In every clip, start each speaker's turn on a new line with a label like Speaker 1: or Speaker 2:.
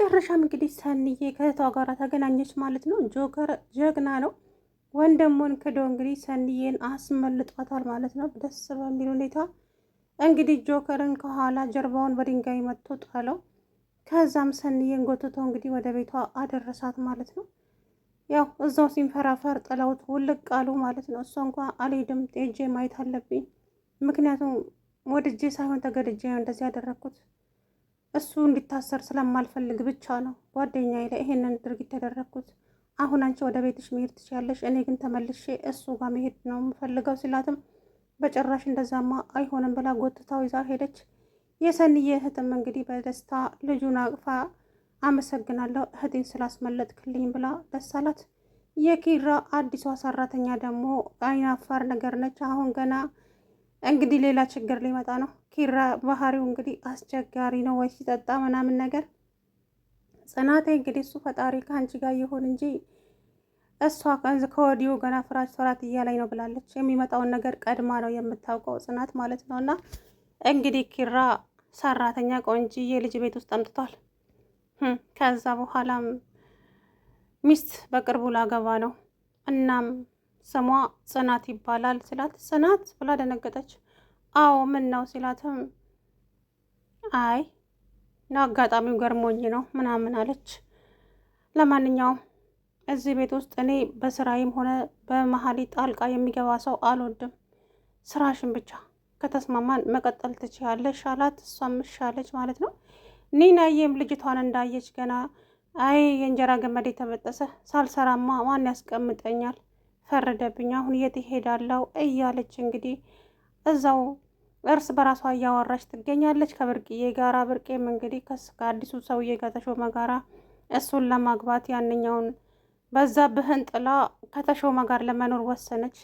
Speaker 1: መጨረሻም እንግዲህ ሰንዬ ከእህቷ ጋር ተገናኘች ማለት ነው። ጆከር ጀግና ነው። ወንድሙን ክዶ እንግዲህ ሰንዬን አስመልጧታል ማለት ነው። ደስ በሚል ሁኔታ እንግዲህ ጆከርን ከኋላ ጀርባውን በድንጋይ መጥቶ ጣለው። ከዛም ሰንዬን ጎትቶ እንግዲህ ወደ ቤቷ አደረሳት ማለት ነው። ያው እዛው ሲንፈራፈር ጥለውት ውልቅ አሉ ማለት ነው። እሷ እንኳ አልሄድም ጤጄ ማየት አለብኝ፣ ምክንያቱም ወድጄ ሳይሆን ተገድጄ ነው እንደዚህ ያደረግኩት እሱ እንዲታሰር ስለማልፈልግ ብቻ ነው ጓደኛዬ ላይ ይሄንን ድርጊት ያደረግኩት። አሁን አንቺ ወደ ቤትሽ መሄድ ትችያለሽ፣ እኔ ግን ተመልሼ እሱ ጋር መሄድ ነው የምፈልገው ሲላትም በጭራሽ እንደዛማ አይሆንም ብላ ጎትታው ይዛ ሄደች። የሰንዬ እህትም እንግዲህ በደስታ ልጁን አቅፋ አመሰግናለሁ እህቴን ስላስመለጥክልኝ ብላ ደስ አላት። የኪራ አዲሷ ሰራተኛ ደግሞ አይናፋር ነገር ነች። አሁን ገና እንግዲህ ሌላ ችግር ሊመጣ ነው። ኪራ ባህሪው እንግዲህ አስቸጋሪ ነው። ወይ ሲጠጣ ምናምን ነገር ጽናቴ እንግዲህ እሱ ፈጣሪ ከአንቺ ጋር ይሁን እንጂ እሷ ከወዲሁ ገና ፍራች ፍራት እያላይ ነው ብላለች። የሚመጣውን ነገር ቀድማ ነው የምታውቀው ጽናት ማለት ነው። እና እንግዲህ ኪራ ሰራተኛ ቆንጂ የልጅ ቤት ውስጥ አምጥቷል። ከዛ በኋላም ሚስት በቅርቡ ላገባ ነው እናም ስሟ ጽናት ይባላል ሲላት ጽናት ብላ ደነገጠች። አዎ ምን ነው ሲላትም አይ አጋጣሚው ገርሞኝ ነው ምናምን አለች። ለማንኛውም እዚህ ቤት ውስጥ እኔ በስራዬም ሆነ በመሀሌ ጣልቃ የሚገባ ሰው አልወድም። ስራሽን ብቻ ከተስማማን መቀጠል ትችያለሽ አላት። እሷም እሺ አለች ማለት ነው። ኒናዬም ልጅቷን እንዳየች ገና አይ የእንጀራ ገመዴ ተበጠሰ፣ ሳልሰራማ ማን ያስቀምጠኛል ፈረደብኝ፣ አሁን የት ይሄዳለው እያለች እንግዲህ እዛው እርስ በራሷ እያወራች ትገኛለች ከብርቅዬ ጋራ። ብርቄም እንግዲህ ከስ ከአዲሱ ሰውዬ ጋር ተሾመ ጋራ እሱን ለማግባት ያንኛውን በዛብህን ጥላ ከተሾመ ጋር ለመኖር ወሰነች።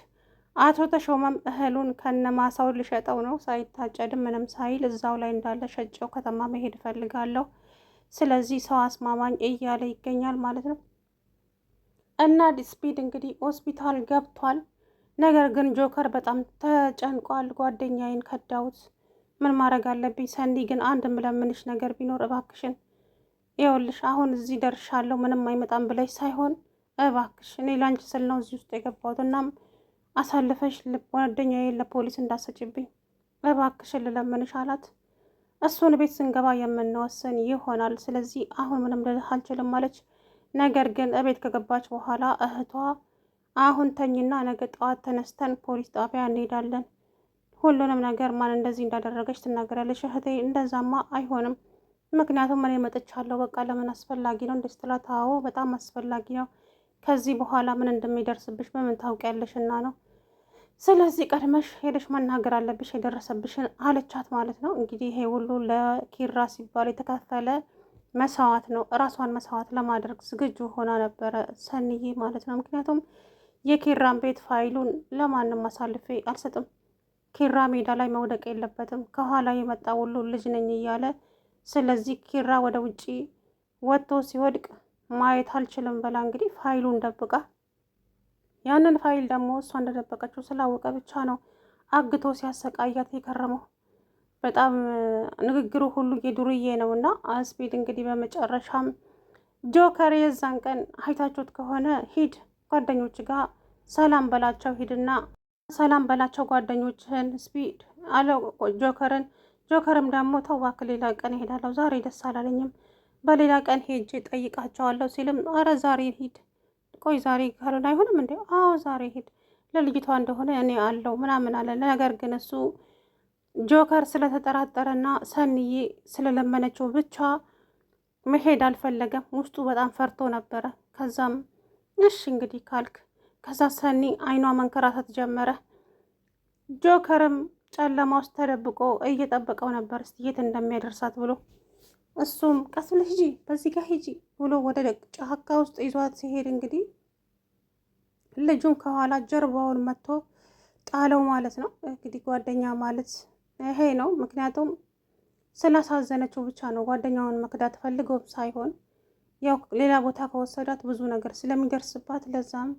Speaker 1: አቶ ተሾመም እህሉን ከነማሳው ልሸጠው ነው ሳይታጨድም ምንም ሳይል እዛው ላይ እንዳለ ሸጨው ከተማ መሄድ እፈልጋለሁ፣ ስለዚህ ሰው አስማማኝ እያለ ይገኛል ማለት ነው። እና ዲስፒድ እንግዲህ ሆስፒታል ገብቷል። ነገር ግን ጆከር በጣም ተጨንቋል። ጓደኛዬን ከዳውት ምን ማድረግ አለብኝ? ሰኒ ግን አንድ ምለምንሽ ነገር ቢኖር እባክሽን ይኸውልሽ አሁን እዚህ ደርሻለሁ ምንም አይመጣም ብለሽ ሳይሆን እባክሽ እኔ ላንቺ ስል ነው እዚህ ውስጥ የገባሁት። እናም አሳልፈሽ ጓደኛዬን ለፖሊስ እንዳሰጭብኝ እባክሽን ልለምንሽ አላት። እሱን ቤት ስንገባ የምንወስን ይሆናል። ስለዚህ አሁን ምንም ልልህ አልችልም አለች። ነገር ግን እቤት ከገባች በኋላ እህቷ አሁን ተኝና ነገ ጠዋት ተነስተን ፖሊስ ጣቢያ እንሄዳለን፣ ሁሉንም ነገር ማን እንደዚህ እንዳደረገች ትናገራለች። እህቴ እንደዛማ አይሆንም፣ ምክንያቱም እኔ መጥቻለሁ፣ በቃ ለምን አስፈላጊ ነው እንደ ስትላት፣ አዎ በጣም አስፈላጊ ነው፣ ከዚህ በኋላ ምን እንደሚደርስብሽ በምን ታውቂያለሽ እና ነው ስለዚህ ቀድመሽ ሄደሽ መናገር አለብሽ የደረሰብሽን አለቻት ማለት ነው። እንግዲህ ይሄ ሁሉ ለኪራ ሲባል የተከፈለ መስዋዕት ነው እራሷን መስዋዕት ለማድረግ ዝግጁ ሆና ነበረ ሰንዬ ማለት ነው። ምክንያቱም የኪራን ቤት ፋይሉን ለማንም አሳልፌ አልሰጥም፣ ኪራ ሜዳ ላይ መውደቅ የለበትም፣ ከኋላ የመጣ ሁሉ ልጅ ነኝ እያለ ስለዚህ ኪራ ወደ ውጭ ወጥቶ ሲወድቅ ማየት አልችልም ብላ እንግዲህ ፋይሉን ደብቃ ያንን ፋይል ደግሞ እሷ እንደደበቀችው ስላወቀ ብቻ ነው አግቶ ሲያሰቃያት የከረመው። በጣም ንግግሩ ሁሉ የዱርዬ ነው እና አስቤድ እንግዲህ በመጨረሻም ጆከር የዛን ቀን አይታችሁት ከሆነ ሂድ ጓደኞች ጋር ሰላም በላቸው፣ ሂድና ሰላም በላቸው ጓደኞችህን ስፒድ አለው ጆከርን። ጆከርም ደግሞ ተዋክ ሌላ ቀን እሄዳለሁ፣ ዛሬ ደስ አላለኝም፣ በሌላ ቀን ሄጄ ጠይቃቸዋለሁ ሲልም አረ ዛሬ ሂድ፣ ቆይ ዛሬ ካልሆነ አይሆንም እንዴ? አዎ ዛሬ ሂድ፣ ለልጅቷ እንደሆነ እኔ አለው ምናምን አለ። ነገር ግን እሱ ጆከር ስለተጠራጠረና ሰንዬ ስለለመነችው ብቻ መሄድ አልፈለገም። ውስጡ በጣም ፈርቶ ነበረ። ከዛም እሺ እንግዲህ ካልክ ከዛ ሰኒ አይኗ መንከራተት ጀመረ። ጆከርም ጨለማ ውስጥ ተደብቆ እየጠበቀው ነበር እስቲ የት እንደሚያደርሳት ብሎ እሱም ቀስ ብለሽ ሂጂ፣ በዚህ ጋር ሂጂ ብሎ ወደ ጫካ ውስጥ ይዟት ሲሄድ እንግዲህ ልጁም ከኋላ ጀርባውን መጥቶ ጣለው ማለት ነው። እንግዲህ ጓደኛ ማለት ይሄ ነው። ምክንያቱም ስላሳዘነችው ብቻ ነው። ጓደኛውን መክዳት ፈልገውም ሳይሆን ያው ሌላ ቦታ ከወሰዳት ብዙ ነገር ስለሚደርስባት ለዛም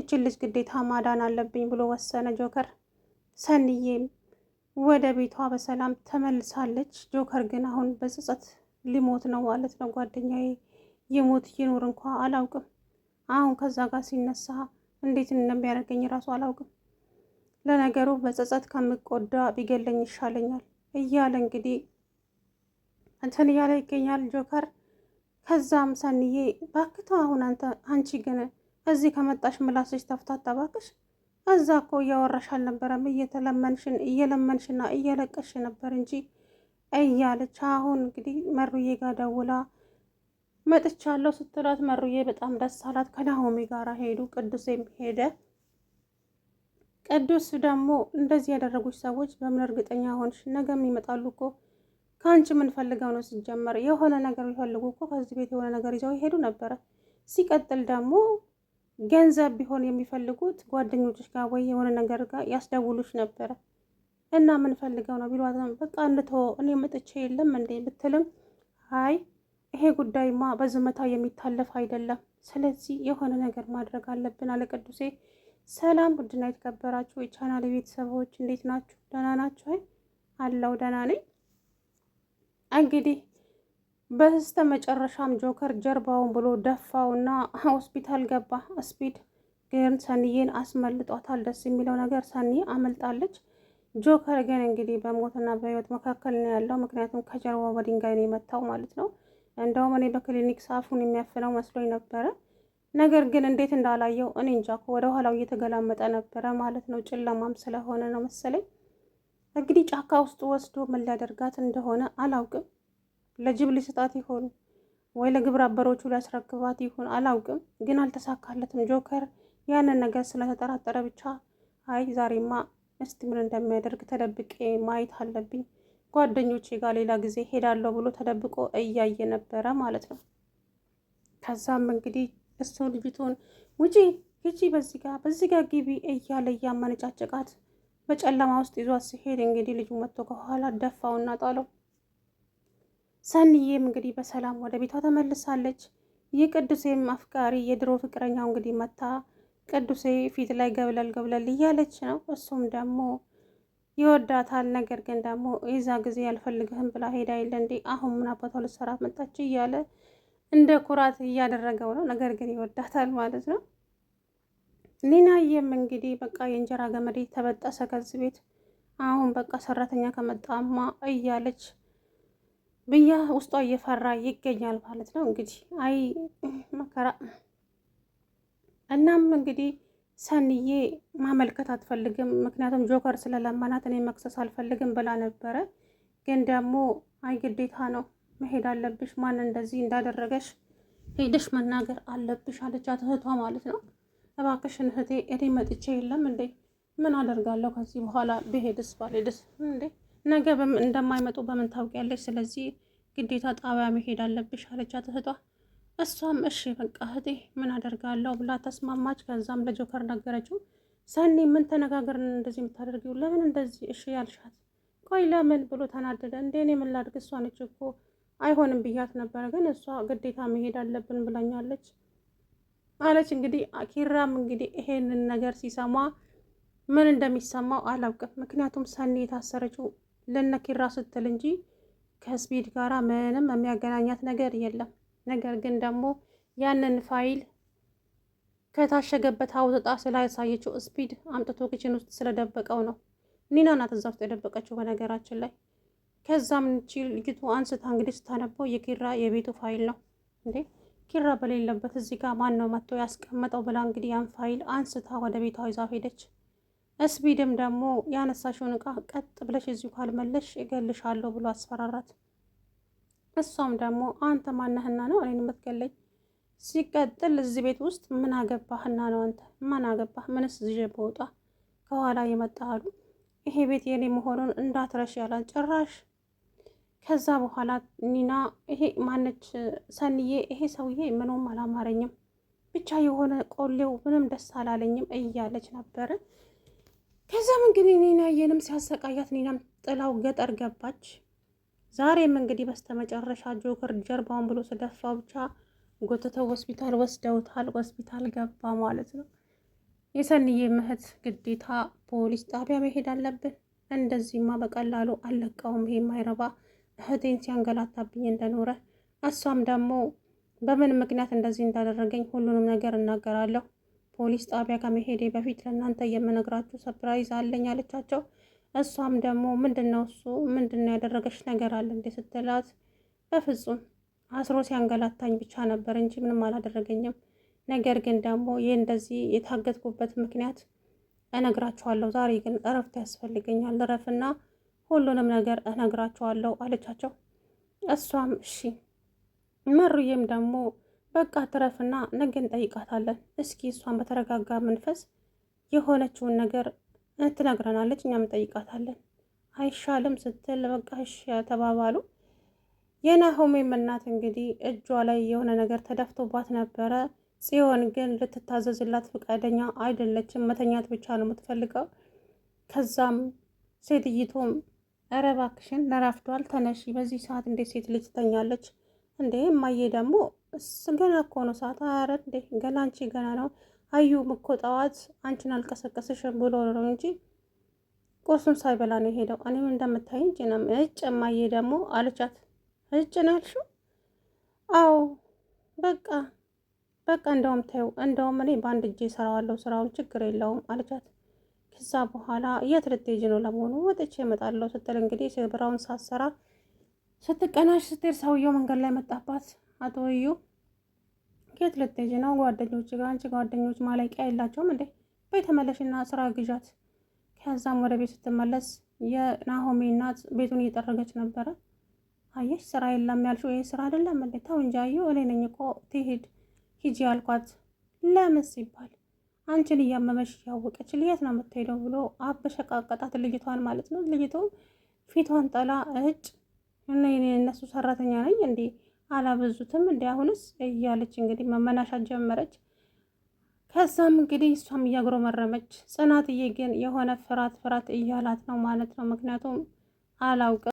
Speaker 1: እችን ልጅ ግዴታ ማዳን አለብኝ ብሎ ወሰነ ጆከር። ሰንዬም ወደ ቤቷ በሰላም ተመልሳለች። ጆከር ግን አሁን በጸጸት ሊሞት ነው ማለት ነው። ጓደኛዬ የሞት ይኑር እንኳ አላውቅም። አሁን ከዛ ጋር ሲነሳ እንዴት እንደሚያደርገኝ ራሱ አላውቅም። ለነገሩ በጸጸት ከምቆዳ ቢገለኝ ይሻለኛል እያለ እንግዲህ እንትን እያለ ይገኛል ጆከር። ከዛም ሰንዬ ባክተው አሁን አንተ አንቺ ግን እዚህ ከመጣሽ ምላሶች ተፍታታ ባክሽ። እዛ እኮ እያወራሽ አልነበረም እየተለመንሽን እየለመንሽና እየለቀሽ ነበር እንጂ እያለች አሁን እንግዲህ መሩዬ ጋር ደውላ መጥቻለሁ ስትላት መሩዬ በጣም ደስ አላት። ከናሆሚ ጋር ሄዱ፣ ቅዱሴም ሄደ። ቅዱስ ደግሞ እንደዚህ ያደረጉች ሰዎች በምን እርግጠኛ ሆንሽ? ነገም ይመጣሉ እኮ ከአንቺ የምንፈልገው ነው። ሲጀመር የሆነ ነገር ቢፈልጉ እኮ ከዚህ ቤት የሆነ ነገር ይዘው ይሄዱ ነበረ። ሲቀጥል ደግሞ ገንዘብ ቢሆን የሚፈልጉት ጓደኞች ጋር ወይ የሆነ ነገር ጋር ያስደውሉሽ ነበረ እና ምንፈልገው ነው ቢሏት ነው በቃ እንድትሆ እኔ መጥቼ የለም እንዴ ብትልም አይ ይሄ ጉዳይማ በዝምታ የሚታለፍ አይደለም። ስለዚህ የሆነ ነገር ማድረግ አለብን አለ ቅዱሴ። ሰላም ቡድና የተከበራችሁ የቻናል ቤተሰቦች እንዴት ናችሁ? ደህና ናችሁ? አይ አለው ደህና ነኝ። እንግዲህ በስተ መጨረሻም ጆከር ጀርባውን ብሎ ደፋውና ሆስፒታል ገባ። ስፒድ ግን ሰኒዬን አስመልጧታል። ደስ የሚለው ነገር ሰኒ አመልጣለች። ጆከር ግን እንግዲህ በሞትና በህይወት መካከል ነው ያለው። ምክንያቱም ከጀርባው በድንጋይ ነው የመታው ማለት ነው። እንደውም እኔ በክሊኒክ ሳፉን የሚያፍነው መስሎኝ ነበረ። ነገር ግን እንዴት እንዳላየው እኔ እንጃ ወደ ኋላው እየተገላመጠ ነበረ ማለት ነው። ጨለማም ስለሆነ ነው መሰለኝ። እንግዲህ ጫካ ውስጥ ወስዶ ምን ሊያደርጋት እንደሆነ አላውቅም። ለጅብ ሊሰጣት ይሆን ወይ ለግብረ አበሮቹ ሊያስረክባት ይሆን አላውቅም። ግን አልተሳካለትም። ጆከር ያንን ነገር ስለተጠራጠረ ብቻ አይ ዛሬማ እስቲ ምን እንደሚያደርግ ተደብቄ ማየት አለብኝ፣ ጓደኞቼ ጋር ሌላ ጊዜ ሄዳለሁ ብሎ ተደብቆ እያየ ነበረ ማለት ነው። ከዛም እንግዲህ እሱን ልጅቱን ውጪ ሂጂ፣ በዚህ ጋ በዚህ ጋ ግቢ እያለ እያመነጫጭቃት በጨለማ ውስጥ ይዟት ሲሄድ እንግዲህ ልጁ መጥቶ ከኋላ ደፋውና ጣለው። ሰንዬም እንግዲህ በሰላም ወደ ቤቷ ተመልሳለች። የቅዱሴም አፍቃሪ የድሮ ፍቅረኛው እንግዲህ መታ ቅዱሴ ፊት ላይ ገብለል ገብለል እያለች ነው። እሱም ደግሞ ይወዳታል። ነገር ግን ደግሞ የዛ ጊዜ ያልፈልግህም ብላ ሄዳ የለ እንዴ አሁን ምን አባቷ መጣች እያለ እንደ ኩራት እያደረገው ነው። ነገር ግን ይወዳታል ማለት ነው። ሊናየም እንግዲህ በቃ የእንጀራ ገመዴ ተበጠሰ ከዚህ ቤት አሁን በቃ ሰራተኛ ከመጣማ እያለች ብያ ውስጧ እየፈራ ይገኛል ማለት ነው። እንግዲህ አይ መከራ። እናም እንግዲህ ሰንዬ ማመልከት አትፈልግም፣ ምክንያቱም ጆከር ስለለመናት እኔ መክሰስ አልፈልግም ብላ ነበረ። ግን ደግሞ አይ ግዴታ ነው መሄድ አለብሽ፣ ማን እንደዚህ እንዳደረገሽ ሄደሽ መናገር አለብሽ አለቻት እህቷ ማለት ነው። እባክሽን እህቴ እኔ መጥቼ የለም እንዴ ምን አደርጋለሁ ከዚህ በኋላ ብሄድስ ባልሄድስ እንዴ ነገ እንደማይመጡ በምን ታውቂያለሽ? ስለዚህ ግዴታ ጣቢያ መሄድ አለብሽ አለቻት እህቷ። እሷም እሺ በቃ እህቴ ምን አደርጋለሁ ብላ ተስማማች። ከዛም ለጆከር ነገረችው። ሰኒ ምን ተነጋገርን እንደዚህ የምታደርጊው ለምን እንደዚህ እሺ ያልሻት ቆይ ለምን ብሎ ተናደደ። እንዴ እኔ ምን ላድርግ እሷ ነች እኮ አይሆንም ብያት ነበረ፣ ግን እሷ ግዴታ መሄድ አለብን ብላኛለች አለች። እንግዲህ ኪራም እንግዲህ ይሄንን ነገር ሲሰማ ምን እንደሚሰማው አላውቅም። ምክንያቱም ሰኒ የታሰረችው ለነ ኪራ ስትል እንጂ ከስፒድ ጋር ምንም የሚያገናኛት ነገር የለም። ነገር ግን ደግሞ ያንን ፋይል ከታሸገበት አውጥታ ስላሳየችው ስፒድ አምጥቶ ኪችን ውስጥ ስለደበቀው ነው። ኒና ናት እዛ ውስጥ የደበቀችው በነገራችን ላይ ከዛም እንቺ ልጅቱ አንስታ እንግዲህ ስታነበው የኪራ የቤቱ ፋይል ነው እንዴ ኪራ በሌለበት እዚህ ጋር ማን ነው መጥቶ ያስቀመጠው ብላ እንግዲህ ያን ፋይል አንስታ ወደ ቤቷ ይዛ ሄደች። እስቢድም ደግሞ ያነሳሽውን እቃ ቀጥ ብለሽ እዚሁ ካልመለሽ እገልሻለሁ ብሎ አስፈራራት። እሷም ደግሞ አንተ ማነህና ነው እኔን የምትገለኝ? ሲቀጥል እዚህ ቤት ውስጥ ምን አገባህና ነው አንተ ምን አገባህ? ምንስ ይዤ በወጣ ከኋላ ይመጣሉ ይሄ ቤት የኔ መሆኑን እንዳትረሽ ያላል ጭራሽ ከዛ በኋላ ኒና ይሄ ማነች ሰንዬ ይሄ ሰውዬ ምንም አላማረኝም፣ ብቻ የሆነ ቆሌው ምንም ደስ አላለኝም እያለች ነበረ። ከዛም እንግዲህ ኒና የንም ሲያሰቃያት ኒናም ጥላው ገጠር ገባች። ዛሬም እንግዲህ በስተመጨረሻ ጆከር ጀርባውን ብሎ ስደፋው ብቻ ጎትተው ሆስፒታል ወስደውታል። ሆስፒታል ገባ ማለት ነው። የሰንዬ ምህት ግዴታ ፖሊስ ጣቢያ መሄድ አለብን፣ እንደዚህማ በቀላሉ አለቀውም ይሄ ማይረባ እህቴን ሲያንገላታብኝ እንደኖረ እሷም ደግሞ በምን ምክንያት እንደዚህ እንዳደረገኝ ሁሉንም ነገር እናገራለሁ። ፖሊስ ጣቢያ ከመሄዴ በፊት ለእናንተ የምነግራችሁ ሰፕራይዝ አለኝ አለቻቸው። እሷም ደግሞ ምንድን ነው እሱ ምንድን ነው ያደረገች ነገር አለ እንዴ ስትላት፣ በፍጹም አስሮ ሲያንገላታኝ ብቻ ነበር እንጂ ምንም አላደረገኝም። ነገር ግን ደግሞ ይህ እንደዚህ የታገትኩበት ምክንያት እነግራችኋለሁ። ዛሬ ግን እረፍት ያስፈልገኛል። እረፍና ሁሉንም ነገር እነግራቸዋለሁ አለቻቸው። እሷም እሺ መሩዬም ደግሞ በቃ ትረፍና ነገ እንጠይቃታለን። እስኪ እሷን በተረጋጋ መንፈስ የሆነችውን ነገር ትነግረናለች፣ እኛም እንጠይቃታለን አይሻልም ስትል በቃ እሺ ተባባሉ። የናሆሜም እናት እንግዲህ እጇ ላይ የሆነ ነገር ተደፍቶባት ነበረ። ጽዮን ግን ልትታዘዝላት ፈቃደኛ አይደለችም። መተኛት ብቻ ነው የምትፈልገው። ከዛም ሴትይቱም ኧረ እባክሽን ነራፍዷል ተነሺ። በዚህ ሰዓት እንዴት ሴት ልጅ ትተኛለች እንዴ? እማዬ ደግሞ ገና እኮ ነው ሰዓት። ኧረ እንዴ ገና አንቺ ገና ነው። አዩም እኮ ጠዋት አንቺን አልቀሰቀስሽም ብሎ ነው እንጂ ቁርሱን ሳይበላ ነው የሄደው። እኔም እንደምታይ ጭነም እጭ እማዬ ደግሞ አለቻት። እጭ ነው ያልሽው? አዎ በቃ በቃ እንደውም ተይው፣ እንደውም እኔ በአንድ እጄ እሰራዋለሁ ስራውን፣ ችግር የለውም አለቻት። ከዛ በኋላ የት ልትሄጂ ነው ለመሆኑ? ወጥቼ እመጣለሁ ስትል እንግዲህ ስብራውን ሳሰራ ስትቀናሽ ስትሄድ ሰውየው መንገድ ላይ መጣባት። አቶ ወዩ ከየት ልትሄጂ ነው? ጓደኞች ጋር አንቺ ጓደኞች ማለቂያ የላቸውም እንዴ? ቤት ተመለሽና ስራ ግዣት። ከዛም ወደ ቤት ስትመለስ የናሆሚ እናት ቤቱን እየጠረገች ነበረ። አየሽ ስራ የለም ያልሽው ይህ ስራ አይደለም እንዴ? ተው እንጂ አየሁ እኔ ነኝ እኮ ትሂድ ሂጂ ያልኳት ለምን ሲባል አንቺን እያመመሽ እያወቀች ልየት ነው የምትሄደው ብሎ አበሸቃቀጣት ልጅቷን ማለት ነው። ልጅቷ ፊቷን ጠላ እጭ እና እነሱ ሰራተኛ ነኝ እንዴ አላበዙትም እንዲ አሁንስ እያለች እንግዲህ መመናሻት ጀመረች። ከዛም እንግዲህ እሷም እያጉረመረመች ጽናትዬ ግን የሆነ ፍርሃት ፍርሃት እያላት ነው ማለት ነው። ምክንያቱም አላውቅም